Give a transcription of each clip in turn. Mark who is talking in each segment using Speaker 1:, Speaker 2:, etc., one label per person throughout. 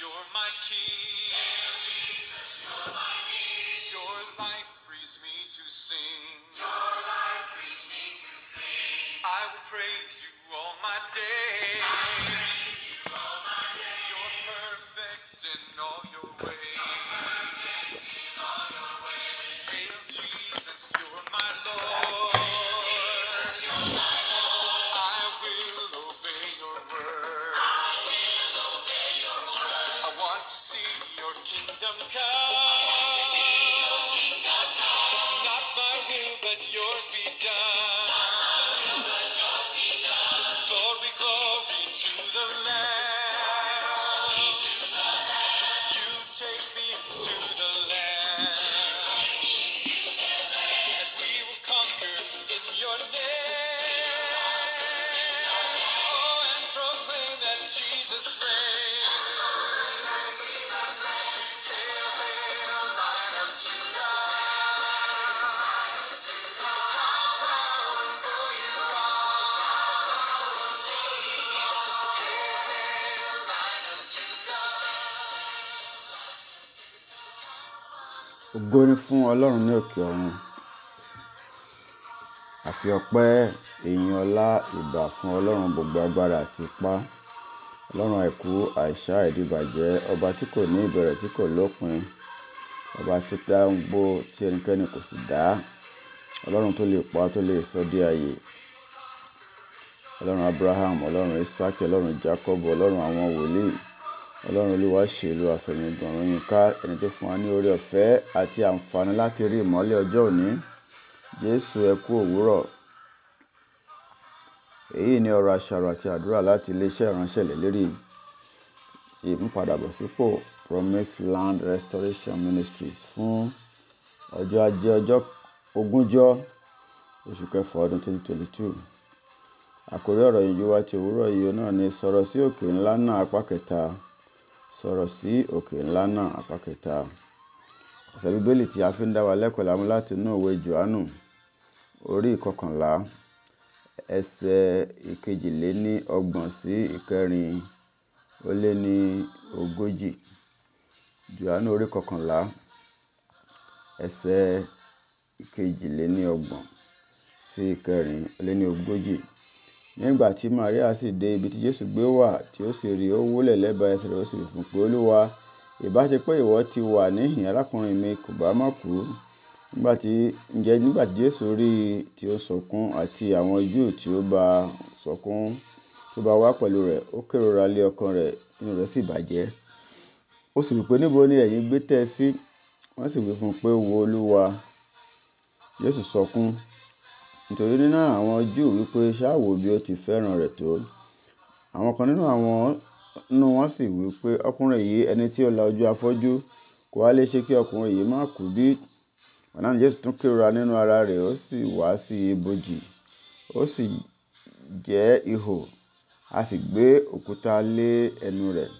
Speaker 1: You're my king.
Speaker 2: ògo ni fún ọlọ́run ní òkè ọ̀run àfi ọpẹ́ ìyìn ọlá ìbà fún ọlọ́run gbogbo agbára àti ipá ọlọ́run àìkú àìsá ìdìbàjẹ́ ọba tí kò ní ìbẹ̀rẹ̀ tí kò lópin ọba tí dá gbó tí ẹnikẹ́ni kò sì dá ọlọ́run tó lè pa tó lè sọ di ààyè ọlọ́run abraham ọlọ́run isaki ọlọ́run jacob ọlọ́run àwọn wòlíì ọlọ́run olúwa ṣe ìlú àfẹ̀yìndọ̀rùn yín ká ẹni tó fún wa ní oore ọ̀fẹ́ àti àǹfààní láti rí ìmọ́lẹ̀ ọjọ́ òní jésù ọrọ òwúrọ̀ èyí ni ọ̀rọ̀ àṣàrò àti àdúrà láti iléeṣẹ́ ìránṣẹ́ ìlérí ìmúpadàbọ̀sípò promise land restoration ministries fún ọjọ́ ajé ọjọ́ ogúnjọ́ oṣù kẹfà ọdún twenty ti òwúrọ̀ yìí náà ni sọ̀rọ̀ sí òkè ńlá náà apá kẹta. sọ̀rọ̀ sí òkè ńlá náà apá kẹta. Ẹsẹ̀ bíbélì tí a fi ń dá wa lẹ́kọ̀ọ́ lámú láti inú ìwé Jòhánù orí ìkọkànlá ẹsẹ̀ ìkejìléní ọgbọ̀n sí ìkẹrin ó lé ní ogójì. Jòhánù orí ìkọkànlá ẹsẹ̀ ìkejìléní sí ìkẹrin ó lé ní ogójì. Nígbà tí Maria sì dé ibi tí Jesu gbé wà tí ó sì rí i, ó wólẹ̀ lẹ́bàá ẹsẹ̀ rẹ̀ ó sì fún un pé, “Olúwa, ìbá ṣe pé ìwọ ti wà níhìn-ín, arákùnrin mi kò bá má kú.” Ǹjẹ́ nígbà tí Jesu rí i tí ó ń sọkún àti àwọn Júù tí ó bá ń sọkún tí bá wá pẹ̀lú rẹ̀, ó kérora lé ọkàn rẹ̀, inú rẹ̀ sì bàjẹ́. Ó sì wí “Níbo ni ẹ̀yin gbé tẹ́ ẹ sí?” Wọ́n sì wí fún un pé, “Wo Olúwa.” Jesu sọkún. Nítorí náà àwọn Júù wípé “Sá wò bí ó ti fẹ́ràn rẹ̀ tó.” Àwọn kan nínú wọn sì wípé “Ọkùnrin yìí, ẹni tí ó la ojú afọ́jú, kò ha lè ṣe kí ọkùnrin yìí má kú bí?” Bernard Jesu tún kérora nínú ara rẹ̀ ó sì wá sí ibojì, ó sì jẹ́ ihò, a sì gbé òkúta lé ẹnu rẹ̀.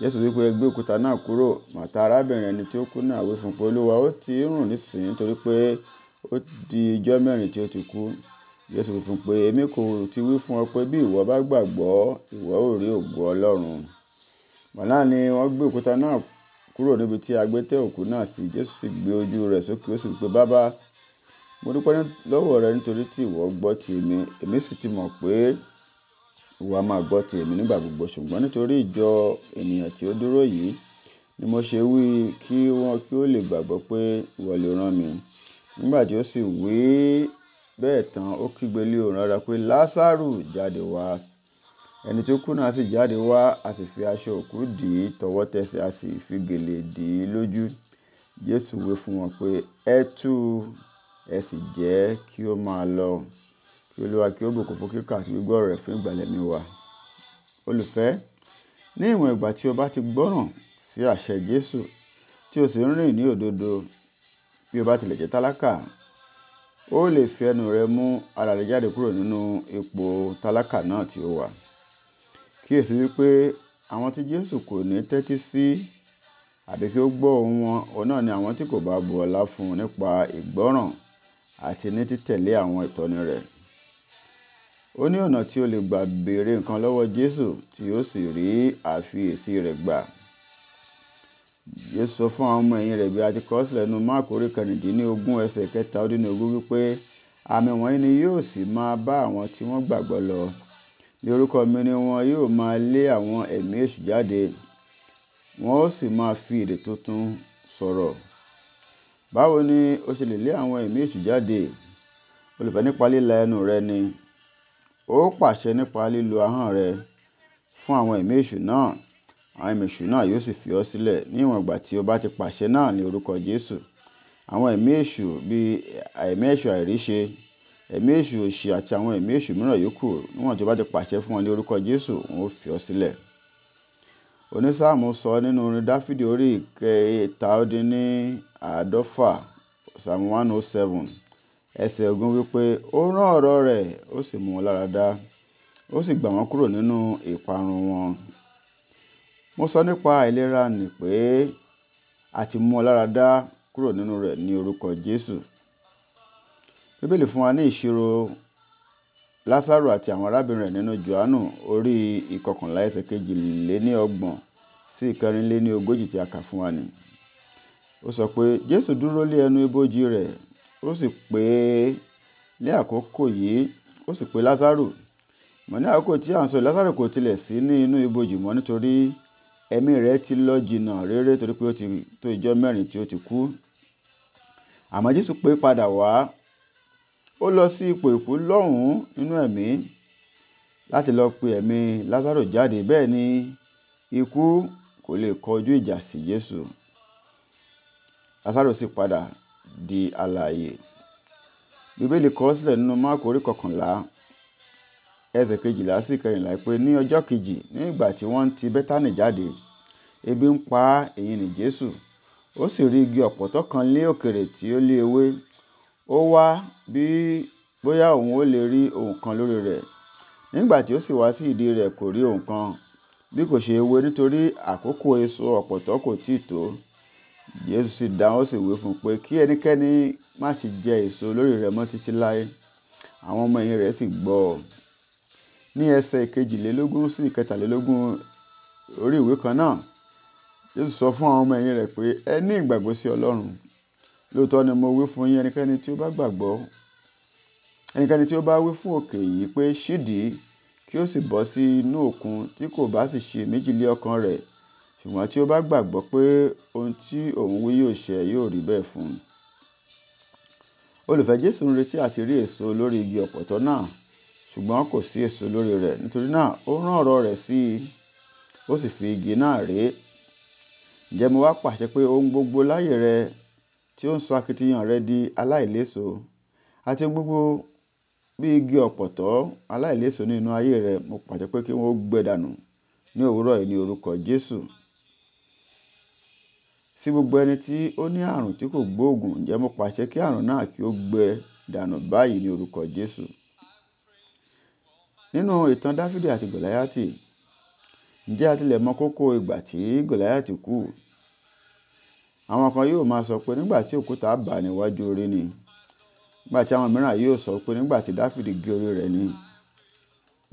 Speaker 2: Jesu wípé, gbé òkúta náà kúrò.” Marta arábìnrin ẹni tí ó kú náà wí fún pé, “Olúwa, ó ti rùn nísìnyí nítorí pé ó di ijọ́ mẹ́rin tí ó ti kú. Jésù wí fún un pé, èmi kò ti wí fún ọ pé bí ìwọ bá gbàgbọ́, ìwọ ó rí ògo Ọlọ́run. Gbàná ni wọ́n gbé òkúta náà kúrò níbi tí a gbé tẹ́ òkú náà sí. Jésù sì gbé ojú rẹ̀ sókè ó sì wí pé, Baba, mo dúpẹ́ lọ́wọ́ rẹ nítorí tí ìwọ gbọ́ ti èmi. Èmi sì ti mọ̀ pé ìwọ a máa gbọ́ ti èmi nígbà gbogbo. Ṣùgbọ́n nítorí ìjọ ènìyàn tí ó dúró yìí ni mo ṣe wí kí wọ́n kí ó lè gbàgbọ́ pé ìwọ ló rán mi nígbà tí ó sì wí bẹ́ẹ̀ tán ó kígbe lé òrun rara pé lásárù jáde wá ẹni tí ó kú náà sì jáde wá a sì fi aṣọ òkú dì í tọwọ́tẹsẹ̀ a sì fi gèlè dì í lójú jésù wí fún wọn pé ẹ tú u ẹ sì jẹ́ kí ó máa lọ kí olúwa kí ó bùkún fún kíkà àti gbígbọ́ rẹ̀ fún ìgbàlẹ̀mí wa olùfẹ́ ní ìwọ̀n ìgbà tí o bá ti gbọ́ràn sí àṣẹ jésù tí o sì ń rìn ní òdodo bí o bá tilẹ̀ jẹ́ tálákà ó lè fi ẹnu rẹ mú ara rẹ jáde kúrò nínú ipò tálákà náà tí ó wà. Kíyèsi wípé àwọn tí Jésù kò ní tẹ́tí sí àbí kí ó gbọ́ ohùn wọn, ọ̀un nà ni àwọn tí kò bá bu ọlá fún nípa ìgbọ́ràn àti ní títẹ̀lé àwọn ìtọ́ni rẹ̀. Ó ní ọ̀nà tí o lè gbà bèrè nǹkan lọ́wọ́ Jésù tí ó sì rí àfiyèsí rẹ̀ gbà. Jésù sọ fún àwọn ọmọ ẹ̀yìn rẹ̀ bí a ti kọ sílẹ̀ nínú Máàkù orí kẹrìndínlógún ẹsẹ̀ kẹta ó dín ní ogún wípé àmì wọ̀nyí ni yóò sì máa bá àwọn tí wọ́n gbàgbọ́ lọ. Ní orúkọ mi ni wọn yóò máa lé àwọn ẹ̀mí èṣù jáde, wọn ó sì máa fi èdè tuntun sọ̀rọ̀. Báwo ni o ṣe lè lé àwọn ẹ̀mí èṣù jáde? Olùfẹ́ nípa líla ẹnu rẹ ni. Ó pàṣẹ nípa lílo ahọ́n rẹ fún àwọn ẹ̀mí èṣù náà àwọn èṣù náà yóò sì fi ọ́ sílẹ̀ ní ìwọ̀n ìgbà tí o bá ti pàṣẹ náà ní orúkọ Jésù. Àwọn ẹ̀mí èṣù bí ẹ̀mí èṣù àìríṣe, ẹ̀mí èṣù òṣì àti àwọn ẹ̀mí èṣù mìíràn yòókù níwọ̀n tí o bá ti pàṣẹ fún wọn ní orúkọ Jésù, wọn ó fi ọ́ sílẹ̀. Onísáàmù sọ nínú orin Dafidi orí ìkẹta ó dín ní àádọ́fà, Psalm one oh seven, ẹsẹ̀ ogún wípé ó rán ọ̀rọ̀ rẹ̀ ó sì mú wọn láradá, ó sì gbà wọ́n kúrò nínú ìparun wọn. Mo sọ nípa àìlera nì pé a ti mú ọ dá kúrò nínú rẹ ní orúkọ Jésù. Bíbélì fún wa ní ìṣirò Lásárù àti àwọn arábìnrin rẹ̀ nínú Jòhánù orí ìkọkànlá ẹsẹ̀ kejì lé sí ìkẹrin ni. Ó sọ pé Jésù dúró lé ẹnu ibojì rẹ̀, ó sì pé ní àkókò yìí, ó sì pé Lásárù. ní àkókò tí ẹ̀mí rẹ̀ ti lọ jìnnà réré torí pé ó ti tó ìjọ́ mẹ́rin tí ó ti kú. Àmọ́ Jésù pé padà wá. Ó lọ sí ipò ìkú lọ́hùn nínú ẹ̀mí láti lọ pe ẹ̀mí Lásárò jáde. Bẹ́ẹ̀ ni ikú kò lè kọjú ìjà sí Jésù. Lásárò sì padà di alààyè. Bíbélì kọ sílẹ̀ nínú Máàkù orí kọkànlá ẹsẹ̀ kejìlá sí kẹrìnlá pé ní ọjọ́ kejì ní ìgbà tí wọ́n ti bẹ́tánì jáde ebi ń pa á èyí ni jésù ó sì rí igi ọ̀pọ̀tọ́ kan ní òkèrè tí ó lé ewé ó wá bí bóyá òun ó lè rí ohun kan lórí rẹ̀ nígbà tí ó sì wá sí ìdí rẹ̀ kò rí ohun kan bí kò ṣe ewé nítorí àkókò èso ọ̀pọ̀tọ́ kò tíì tó jésù sì dáhùn ó sì wí fún un pé kí ẹnikẹ́ni má ṣe jẹ èso lórí rẹ̀ mọ́ títí láé àwọn ọmọ ẹ̀yìn rẹ̀ sì gbọ́ ọ ní ẹsẹ̀ kejìlélógún sí ìkẹtàlélógún orí ìwé kan náà, Jésù sọ fún àwọn ọmọ ẹ̀yìn rẹ̀ pé, ẹ ní ìgbàgbọ́ sí Ọlọ́run. Lóòótọ́ ni mo wí fún yín, ẹnikẹ́ni tí ó bá gbàgbọ́, ẹnikẹ́ni tí ó bá wí fún òkè yìí pé ṣídìí kí ó sì bọ́ sí inú òkun tí kò bá sì ṣe méjì lé ọkàn rẹ̀, ṣùgbọ́n tí ó bá gbàgbọ́ pé ohun tí òun wí yóò ṣẹ, yóò rí bẹ́ẹ̀ fún un. Olùfẹ́ Jésù ń retí àti rí èso lórí igi ọ̀pọ̀tọ́ náà. ṣùgbọ́n kò sí èso lórí rẹ̀ nítorí náà ó rán ọ̀rọ̀ rẹ̀ sí i ó sì fi igi náà re ǹjẹ́ mo wá pàṣẹ pé ohun gbogbo láyè rẹ tí ó ń sọ akitiyan rẹ di aláìléso àti gbogbo bí igi ọ̀pọ̀tọ́ aláìléso ní inú ayé rẹ mo pàṣẹ pé kí wọ́n gbẹ dànù ní òwúrọ̀ yìí ní orúkọ gbogbo ẹni tí ó ní àrùn tí kò gbóògùn ǹjẹ́ mo pàṣẹ kí àrùn náà kí gbẹ dànù báyìí ní orúkọ Nínú ìtàn Dafidi àti Gòláyátì, ǹjẹ́ a tilẹ̀ mọ kókó ìgbà tí Gòláyátì kú? Àwọn kan yóò máa sọ pé nígbà tí òkúta bà á níwájú orí ni. Nígbà tí àwọn mìíràn yóò sọ pé nígbà tí Dafidi gé orí rẹ̀ ni.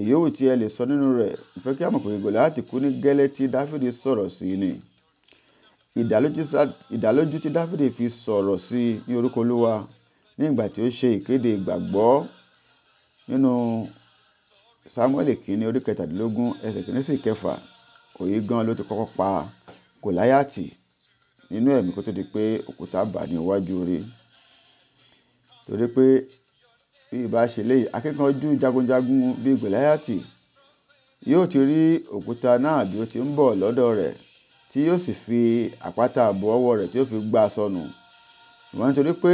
Speaker 2: Èyíòwù tí ẹ lè sọ nínú rẹ̀, mo fẹ́ kí a mọ̀ pé Gòláyátì kú ní gẹ́lẹ́ tí Dafidi sọ̀rọ̀ sí ni. Ìdálójú tí Dafidi fi sọ̀rọ̀ sí ní orúkọ Olúwa ní ìgbà tí ó ṣe ìkéde ìgbàgbọ́ nínú samuel kìíní orí kẹtàdínlógún ẹsẹ̀ kìíní sí kẹfà òye gan ló ti kọ́kọ́ pa gòláyàtì nínú ẹ̀mí kó tó di pé òkúta bà ní iwájú rí torí pé bí ìbá ṣe léyìí akíkanjú jagunjagun bíi gòláyàtì yóò ti rí òkúta náà bí ó ti ń bọ̀ lọ́dọ̀ rẹ̀ tí yóò sì fi àpáta àbò ọwọ́ rẹ̀ tí yóò fi gbá sọnù ìwọ̀n nítorí pé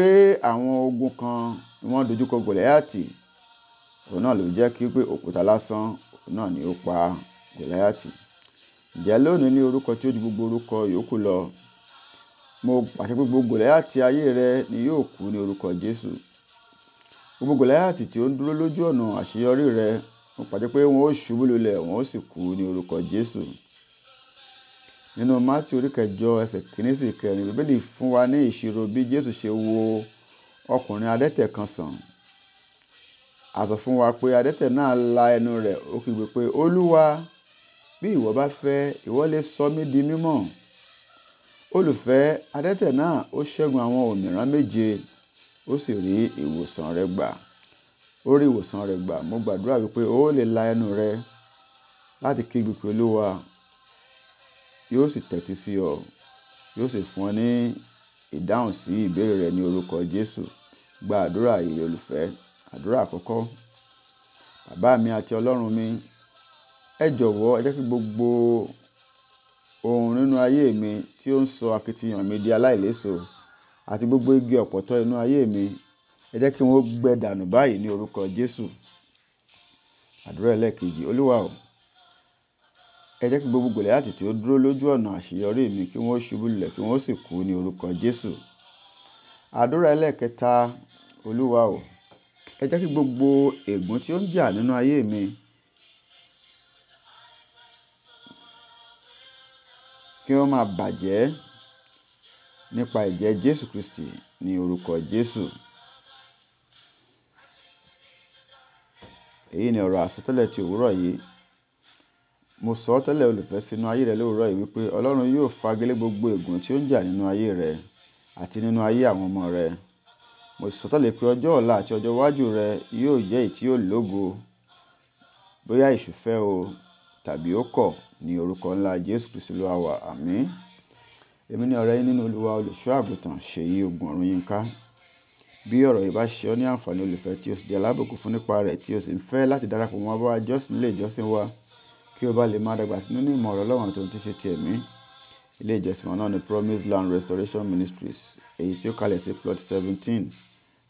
Speaker 2: àwọn ogun kan ni wọ́n dojúkọ gòláyàtì Òun náà ló fi jẹ́ kí pé òkúta lásán, òun náà ni ó pa Gòláyátì. Ǹjẹ́ lónìí ní orúkọ tí ó ju gbogbo orúkọ yòókù lọ. Mo pàṣẹ pé gbogbo Gòláyátì ayé rẹ ni yóò kú ní orúkọ Jésù. Gbogbo Gòláyátì tí ó ń dúró lójú ọ̀nà àṣeyọrí rẹ, mo pàṣẹ pé wọn ó ṣubú lulẹ̀, wọn ó sì kú ní orúkọ Jésù. Nínú Mátíù orí kẹjọ ẹsẹ̀ sì kẹrin, Bíbélì fún wa ní ìṣirò bí Jésù ṣe wo ọkùnrin adẹ́tẹ̀ kan sàn a sọ fún wa pé adẹ́tẹ̀ náà la ẹnu rẹ̀ ó kígbe pé olúwa bí ìwọ bá fẹ́ ìwọ lè sọ mí di mímọ́ olùfẹ́ adẹ́tẹ̀ náà ó ṣẹ́gun àwọn òmìrán méje ó sì rí ìwòsàn rẹ̀ gbà ó rí ìwòsàn rẹ̀ gbà mo gbàdúrà wípé ó lè la ẹnu rẹ̀ láti kígbe pé olúwa yóò sì tẹ́tí sí ọ yóò sì fún ọ ní ìdáhùn sí ìbéèrè rẹ ní orúkọ jésù gba yìí olùfẹ́ Àdúrà àkọ́kọ́. Bàbá mi àti Ọlọ́run mi, ẹ jọ̀wọ́ ẹ jẹ́ kí gbogbo ohun nínú ayé mi tí ó ń sọ akitiyan mi di aláìléso àti gbogbo igi ọ̀pọ̀tọ́ inú ayé mi, ẹ jẹ́ kí wọ́n gbẹ dànù báyìí ní orúkọ Jésù. Àdúrà ẹlẹ́ẹ̀kejì. Olúwa o, ẹ jẹ́ kí gbogbo Gòlíátì tí ó dúró lójú ọ̀nà àṣeyọrí mi kí wọ́n ṣubú lulẹ̀ kí wọ́n sì kú ní orúkọ Jésù. Àdúrà ẹlẹ́ẹ̀kẹta. Olúwa o. Ẹ jẹ́ kí gbogbo ègún tí ó ń jà nínú ayé mi kí wọ́n máa bàjẹ́ nípa ẹ̀jẹ̀ Jésù Kristi ní orúkọ Jésù. Èyí ni ọ̀rọ̀ àsọtẹ́lẹ̀ ti òwúrọ̀ yìí. Mo sọ ọ́ tẹ́lẹ̀ olùfẹ́ sínú ayé rẹ lówùrọ̀ yìí wípé Ọlọ́run yóò fagilé gbogbo ègún tí ó ń jà nínú ayé rẹ àti nínú ayé àwọn ọmọ rẹ. Mo sì sọtẹ́lẹ̀ pé ọjọ́ ọ̀la àti ọjọ́ iwájú rẹ yóò jẹ́ èyí tí yóò lógo. Bóyá èṣù fẹ́ o tàbí ó kọ̀, ní orúkọ ńlá Jésù Kristi Olúwa wa. Àmín. Èmi ni ọ̀rẹ́ yín nínú Olúwa olùṣọ́ àgùntàn Ṣèyí Ogun ọ̀run Yínká. Bí ọ̀rọ̀ yìí bá ṣe ọ́ ní àǹfààní olùfẹ́ tí o sì di alábùkún fún nípa rẹ̀ tí o sì ń fẹ́ láti darapọ̀ mọ́ wa jọ́sìn ilé ìjọsìn wa kí o bá lè máa dàgbà sínú ní ìmọ̀ ọ̀rọ̀ Ọlọ́run àti ohun tí ṣe ti ẹ̀mí. Ilé ìjọsìn wa náà ni Promise Land Restoration Ministries èyí tí ó kalẹ̀ sí plot seventeen.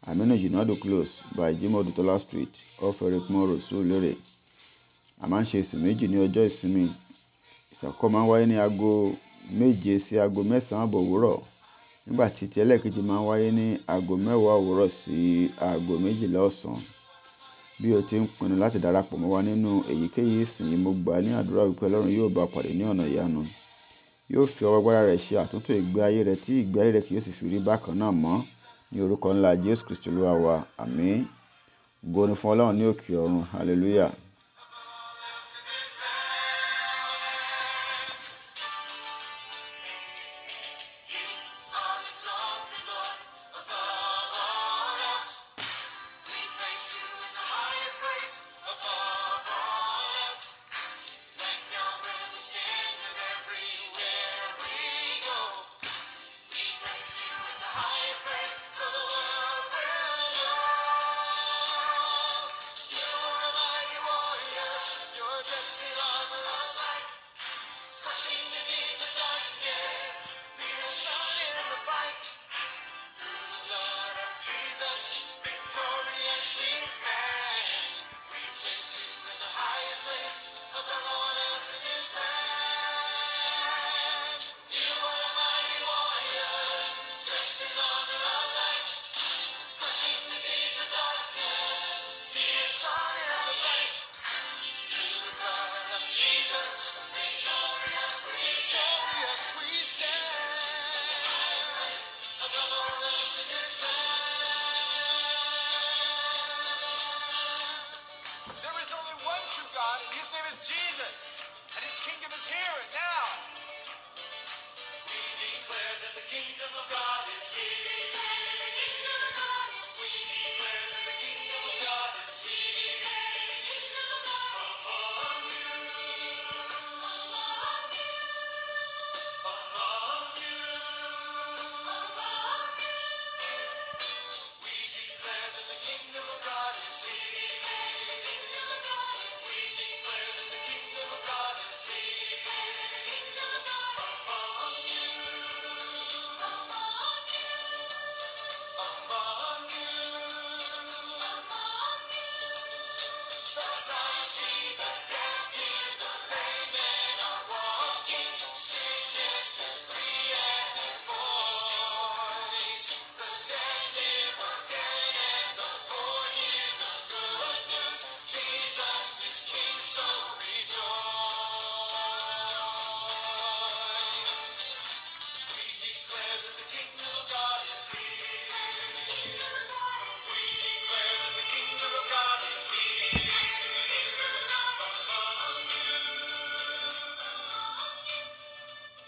Speaker 2: I manage Unado Close by Jimo Dutola Street, off Erékùṣù Road, Surulere. A máa ń ṣe ìsìn méjì ní ọjọ́ ìsinmi. Ìsàkọ́ máa ń wáyé ní aago méje sí aago mẹ́sàn-án àbọ̀ òwúrọ̀, nígbà tí ti ẹlẹ́ẹ̀kejì máa ń wáyé ní aago mẹ́wàá òwúrọ̀ sí aago méjìlá ọ̀sán. Bí o ti ń pinnu láti darapọ̀ mọ́ wa nínú èyíkéyìí ìsìn yìí, mo gbà á ní àdúrà wípé Ọlọ́run yóò bá ọ pàdé ní ọ̀nà ìyanu. Yóò fi ọwọ́ agbára rẹ̀ ṣe àtúntò ìgbé ayé rẹ tí ìgbé ayé rẹ kì yóò sì fi rí bákan náà mọ́. Ní orúkọ ńlá Jésù Kristi Olúwa wa, àmín. Ògo ni fún Ọlọ́run ní òkè ọ̀run. Hallelujah.